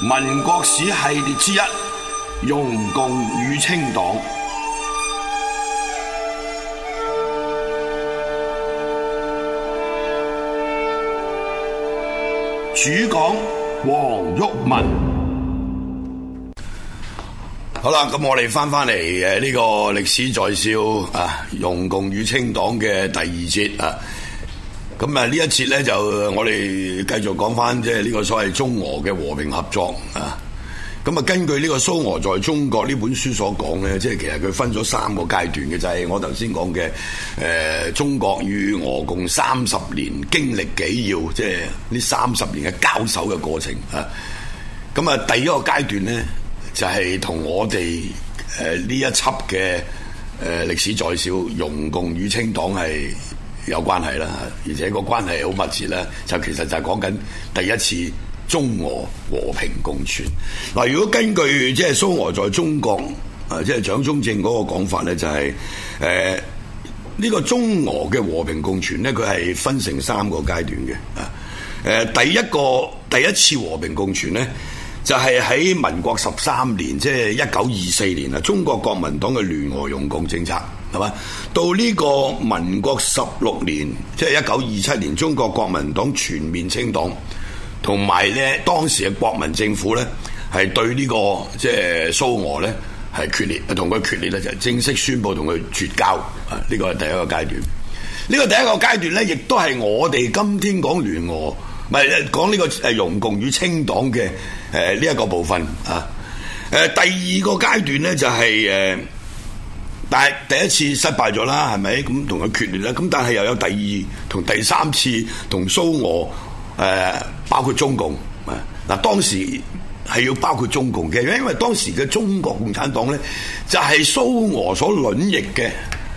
民國史系列之一《容共與清黨》主，主講黃毓民。好啦，咁我哋返返嚟誒呢個歷史在笑啊《容共與清黨》嘅第二節啊。咁啊，呢一節咧就我哋繼續講返即係呢個所謂中俄嘅和平合作啊。咁啊，根據呢個蘇俄在中國呢本書所講咧，即係其實佢分咗三個階段嘅，就係、是、我頭先講嘅中國與俄共三十年經歷紀要，即係呢三十年嘅交手嘅過程啊。咁啊，第一個階段咧就係、是、同我哋呢一輯嘅歷史在少容共與清黨係。有關係啦，而且個關係好密切咧，就其實就係講緊第一次中俄和平共存。嗱，如果根據即係蘇俄在中國啊，即、就、係、是、蔣中正嗰個講法咧、就是，就係誒呢個中俄嘅和平共存咧，佢係分成三個階段嘅啊。誒、呃，第一個第一次和平共存咧，就係、是、喺民國十三年，即係一九二四年啊，中國國民黨嘅聯俄用共政策。係嘛？到呢個民國十六年，即係一九二七年，中國國民黨全面清黨，同埋咧，當時嘅國民政府咧，係對呢個即係蘇俄咧係決裂，同佢決裂咧就係正式宣布同佢絕交啊！呢個係第一個階段，呢個第一個階段咧，亦都係我哋今天講聯俄，唔係講呢個誒容共與清黨嘅誒呢一個部分啊。誒第二個階段咧就係誒。但係第一次失敗咗啦，係咪咁同佢決裂咧？咁但係又有第二同第三次同蘇俄、呃、包括中共啊。嗱，當時係要包括中共嘅，因為當時嘅中國共產黨呢就係、是、蘇俄所隸屬嘅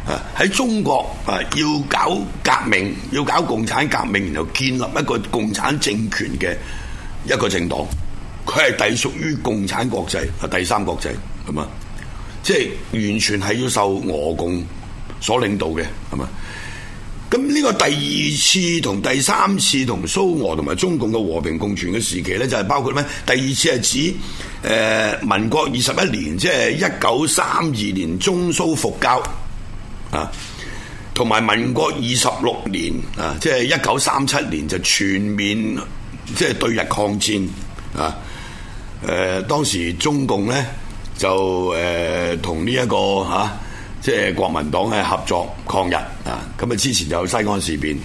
啊。喺中國啊，要搞革命，要搞共產革命，然後建立一個共產政權嘅一個政黨，佢係隸屬於共產國際啊，第三國際咁啊。是即係完全係要受俄共所領導嘅，係咪？咁呢個第二次同第三次同蘇俄同埋中共嘅和平共存嘅時期咧，就係、是、包括咩？第二次係指誒、呃、民國二十一年，即係一九三二年中蘇復交啊，同埋民國二十六年啊，即係一九三七年就全面即係、就是、對日抗戰啊。誒、呃、當時中共咧。就誒同呢一個嚇，即、啊、係、就是、國民黨係合作抗日啊！咁啊，之前就有西安事變，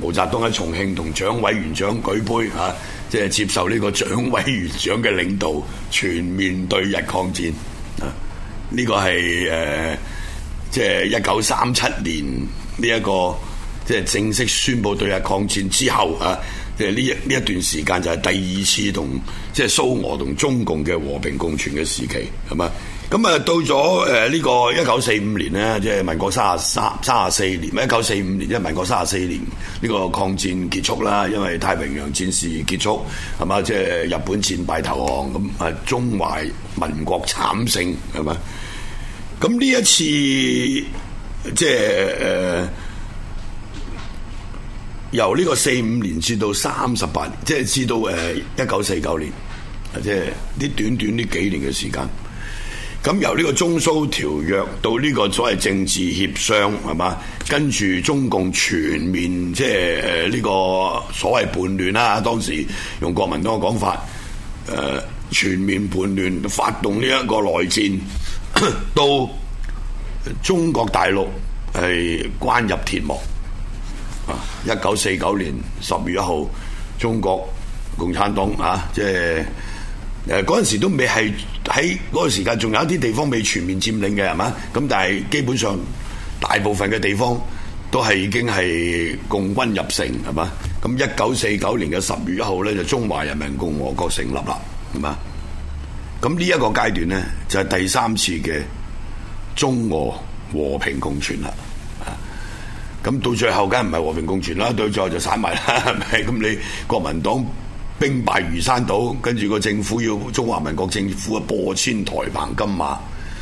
毛澤東喺重慶同蔣委員長舉杯嚇，即、啊、係、就是、接受呢個蔣委員長嘅領導，全面對日抗戰啊！呢、這個係誒，即係一九三七年呢、這、一個即係、就是、正式宣布對日抗戰之後啊！即係呢一呢一段時間就係第二次同即係蘇俄同中共嘅和平共存嘅時期，係嘛？咁啊到咗誒呢個一九四五年呢，即係民國三啊三三啊四年，唔係一九四五年，即係民國三啊四年，呢個抗戰結束啦，因為太平洋戰事結束係嘛，即係日本戰敗投降咁啊，中華民國慘勝係嘛？咁呢一次即係誒。就是呃由呢個四五年至到三十八年，即係至到誒一九四九年，即係呢短短呢幾年嘅時間。咁由呢個中蘇條約到呢個所謂政治協商係嘛，跟住中共全面即係誒呢個所謂叛亂啦，當時用國民黨嘅講法，誒全面叛亂，發動呢一個內戰，到中國大陸係關入鐵幕。啊！一九四九年十月一號，中國共產黨啊，即係誒嗰陣時都未係喺嗰個時間，仲有一啲地方未全面佔領嘅係嘛？咁但係基本上大部分嘅地方都係已經係共軍入城係嘛？咁一九四九年嘅十月一號咧，就中華人民共和國成立啦，係嘛？咁呢一個階段咧，就係第三次嘅中俄和平共存啦。咁到最後梗係唔係和平共存啦？到最後就散埋啦，係咪？咁你國民黨兵敗如山倒，跟住個政府要中華民國政府啊，播遷台澎金馬，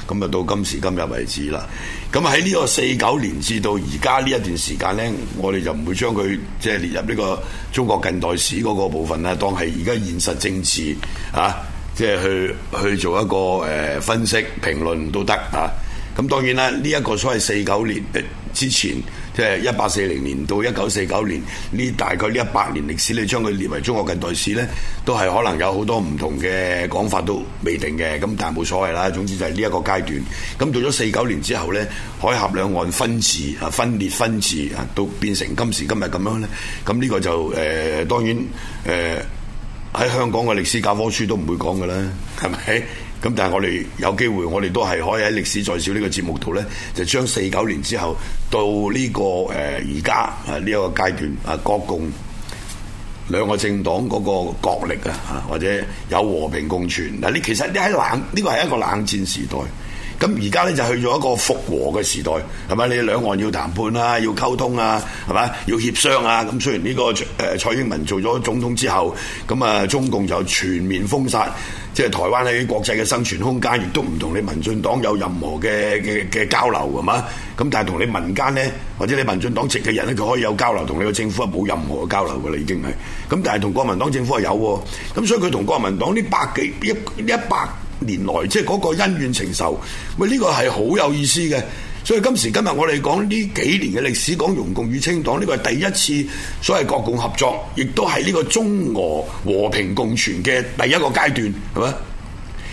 咁啊到今時今日為止啦。咁喺呢個四九年至到而家呢一段時間呢，我哋就唔會將佢即係列入呢個中國近代史嗰個部分啦，當係而家現實政治啊，即、就、係、是、去去做一個誒、呃、分析評論都得啊。咁當然啦，呢、這、一個所謂四九年、呃、之前。即係一八四零年到一九四九年呢，大概呢一百年歷史，你將佢列為中國近代史呢，都係可能有好多唔同嘅講法都未定嘅，咁但係冇所謂啦。總之就係呢一個階段。咁到咗四九年之後呢，海峽兩岸分治啊，分裂分治啊，都變成今時今日咁樣呢。咁、這、呢個就誒、呃、當然誒喺、呃、香港嘅歷史教科書都唔會講㗎啦，係咪？咁但係我哋有機會，我哋都係可以喺歷史再少呢個節目度咧，就將四九年之後到呢、這個誒而家啊呢一、這個階段啊，國共兩個政黨嗰個角力啊，或者有和平共存嗱、啊。其實你喺冷呢個係一個冷戰時代，咁而家咧就去咗一個復和嘅時代，係咪？你兩岸要談判啊，要溝通啊，係咪？要協商啊，咁雖然呢、這個誒、呃、蔡英文做咗總統之後，咁啊中共就全面封殺。即係台灣喺國際嘅生存空間，亦都唔同你民進黨有任何嘅嘅嘅交流，係嘛？咁但係同你民間咧，或者你民進黨籍嘅人咧，佢可以有交流。同你個政府係冇任何嘅交流㗎啦，已經係。咁但係同國民黨政府係有喎。咁所以佢同國民黨呢百幾一一百年來，即係嗰個恩怨情仇，喂呢個係好有意思嘅。所以今時今日我哋講呢幾年嘅歷史，講容共與清黨，呢個係第一次所謂國共合作，亦都係呢個中俄和平共存嘅第一個階段，係咪？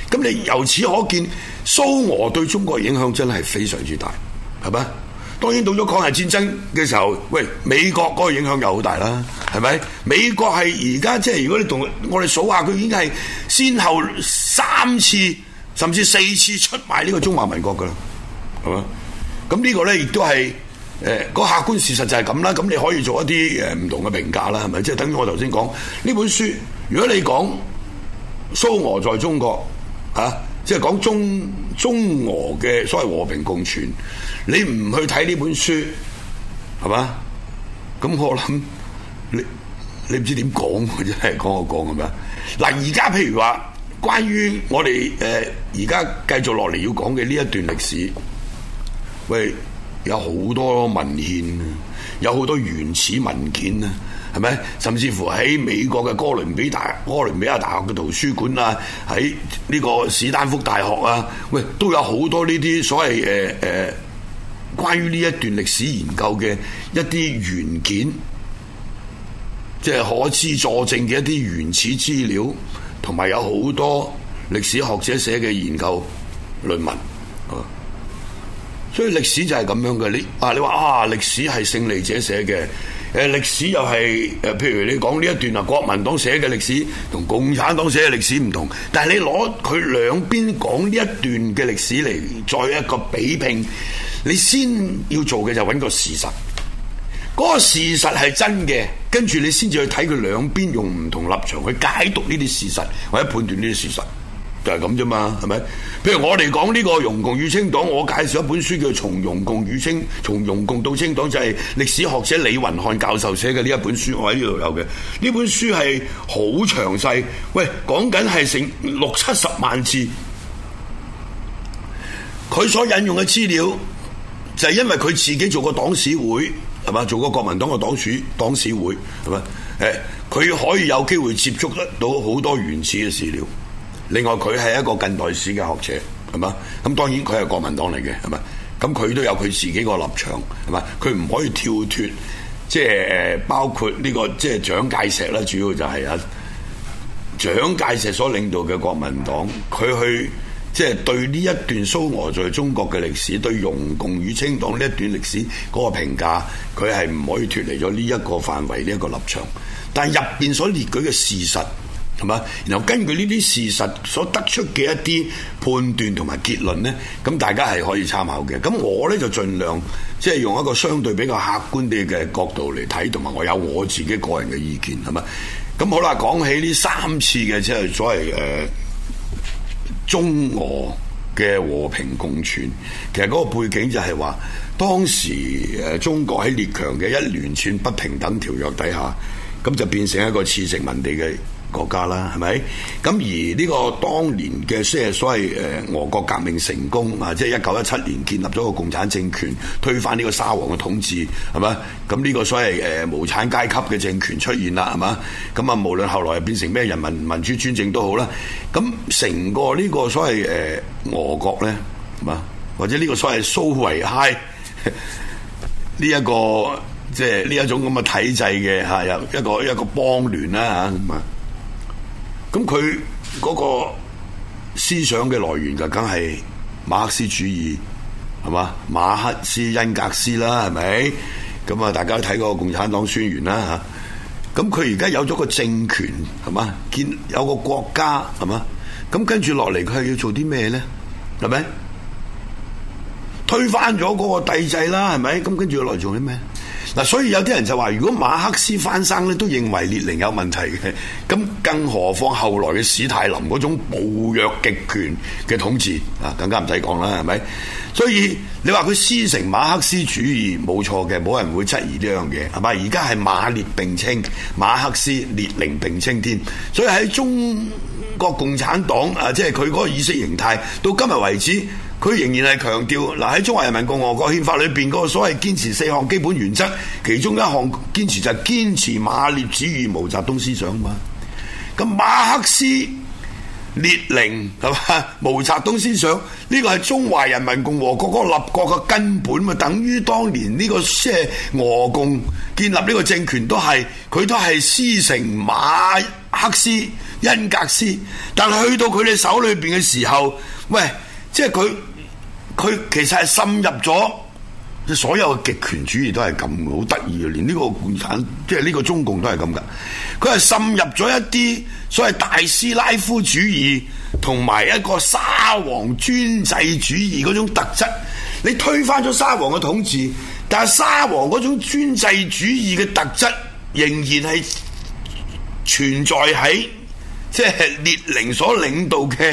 咁你由此可見，蘇俄對中國嘅影響真係非常之大，係咪？當然到咗抗日戰爭嘅時候，喂，美國嗰個影響又好大啦，係咪？美國係而家即係如果你同我哋數下，佢已經係先後三次甚至四次出賣呢個中華民國㗎喇，係咪？咁呢個咧，亦都係誒，個客觀事實就係咁啦。咁你可以做一啲誒，唔同嘅評價啦，係咪？即係等於我頭先講呢本書，如果你講蘇俄在中國啊，即係講中中俄嘅所謂和平共存，你唔去睇呢本書，係嘛？咁我諗你你唔知點講，真係講我講咁樣。嗱，而家譬如話，關於我哋誒而家繼續落嚟要講嘅呢一段歷史。喂，有好多文獻啊，有好多原始文件啊，係咪？甚至乎喺美國嘅哥倫比大、哥倫比亞大學嘅圖書館啊，喺呢個史丹福大學啊，喂，都有好多呢啲所謂誒誒關於呢一段歷史研究嘅一啲原件，即係可資佐證嘅一啲原始資料，同埋有好多歷史學者寫嘅研究論文。所以歷史就係咁樣嘅，你啊你話啊歷史係勝利者寫嘅，誒歷史又係誒譬如你講呢一段啊，國民黨寫嘅歷史同共產黨寫嘅歷史唔同，但係你攞佢兩邊講呢一段嘅歷史嚟再一個比拼，你先要做嘅就揾個事實，嗰個事實係真嘅，跟住你先至去睇佢兩邊用唔同立場去解讀呢啲事實，或者判斷呢啲事實。就係咁啫嘛，係咪？譬如我嚟講呢個容共與清黨，我介紹一本書叫《從容共與清》，從容共到清黨就係、是、歷史學者李雲漢教授寫嘅呢一本書，我喺呢度有嘅。呢本書係好詳細，喂，講緊係成六七十萬字。佢所引用嘅資料，就係、是、因為佢自己做過黨史會，係嘛？做過國民黨嘅黨史黨史會，係嘛？誒,佢可以有機會接觸得到好多原始嘅史料。另外佢係一個近代史嘅學者，係嘛？咁當然佢係國民黨嚟嘅，係咪？咁佢都有佢自己個立場，係嘛？佢唔可以跳脱，即係誒，包括呢個即係蔣介石啦，主要就係啊，蔣介石所領導嘅國民黨，佢去即係對呢一段蘇俄在中國嘅歷史，對容共與清黨呢一段歷史嗰個評價，佢係唔可以脱離咗呢一個範圍，呢一個立場。但係入邊所列舉嘅事實。係嘛？然後根據呢啲事實所得出嘅一啲判斷同埋結論咧，咁大家係可以參考嘅。咁我咧就盡量即係用一個相對比較客觀啲嘅角度嚟睇，同埋我有我自己個人嘅意見，係嘛？咁好啦，講起呢三次嘅即係所謂誒、呃、中俄嘅和平共存，其實嗰個背景就係話當時誒中國喺列強嘅一連串不平等條約底下，咁就變成一個次殖民地嘅。國家啦，係咪？咁而呢個當年嘅即係所謂誒俄國革命成功啊，即係一九一七年建立咗個共產政權，推翻呢個沙皇嘅統治，係嘛？咁呢個所謂誒無產階級嘅政權出現啦，係嘛？咁啊，無論後來係變成咩人民民主專政都好啦。咁成個呢個所謂誒俄國咧，係嘛？或者呢個所謂蘇維埃呢一個即係呢一種咁嘅體制嘅嚇，一個一個邦聯啦嚇咁啊。咁佢嗰個思想嘅來源就梗係馬克思主義，係嘛？馬克思、恩格斯啦，係咪？咁啊，大家都睇嗰個共產黨宣言啦吓。咁佢而家有咗個政權，係嘛？見有個國家，係嘛？咁跟住落嚟，佢係要做啲咩咧？係咪？推翻咗嗰個帝制啦，係咪？咁跟住落嚟做啲咩？嗱，所以有啲人就話，如果馬克思翻生咧，都認為列寧有問題嘅，咁更何況後來嘅史太林嗰種暴虐極權嘅統治，啊，更加唔使講啦，係咪？所以你話佢師承馬克思主義冇錯嘅，冇人會質疑呢樣嘢，係咪？而家係馬列並稱，馬克思、列寧並稱添，所以喺中個共產黨啊，即係佢嗰個意識形態，到今日為止，佢仍然係強調嗱，喺中華人民共和國憲法裏邊，嗰個所謂堅持四項基本原則，其中一項堅持就係堅持馬列主義毛澤東思想嘛。咁馬克思。列寧係嘛？毛澤東思想呢個係中華人民共和國嗰個立國嘅根本，咪等於當年呢個咩俄共建立呢個政權，都係佢，都係師承馬克思、恩格斯，但係去到佢哋手裏邊嘅時候，喂，即係佢佢其實係滲入咗。所有嘅極權主義都係咁，好得意啊！連呢個共產，即係呢個中共都係咁噶。佢係滲入咗一啲所謂大斯拉夫主義同埋一個沙皇專制主義嗰種特質。你推翻咗沙皇嘅統治，但係沙皇嗰種專制主義嘅特質仍然係存在喺，即係列寧所領導嘅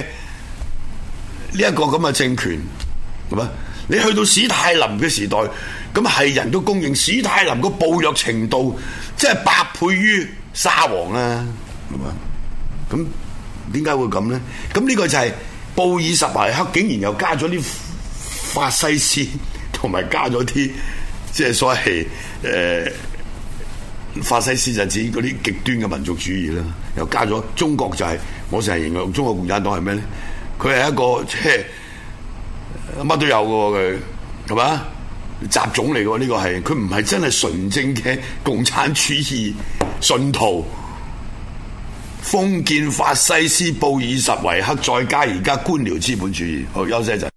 呢一個咁嘅政權，係咪？你去到史泰林嘅時代，咁係人都公認史泰林個暴虐程度，即係百倍於沙皇啦，啊，係嘛吧？咁點解會咁咧？咁呢個就係布爾什維克竟然又加咗啲法西斯，同埋加咗啲即係所謂誒、呃、法西斯就指嗰啲極端嘅民族主義啦，又加咗中國就係、是、我成日形容中國共產黨係咩咧？佢係一個即係。乜都有嘅，佢係嘛，雜種嚟嘅，呢個係，佢唔係真係純正嘅共產主義信徒，封建法西斯、布爾什維克，再加而家官僚資本主義。好，休息一陣。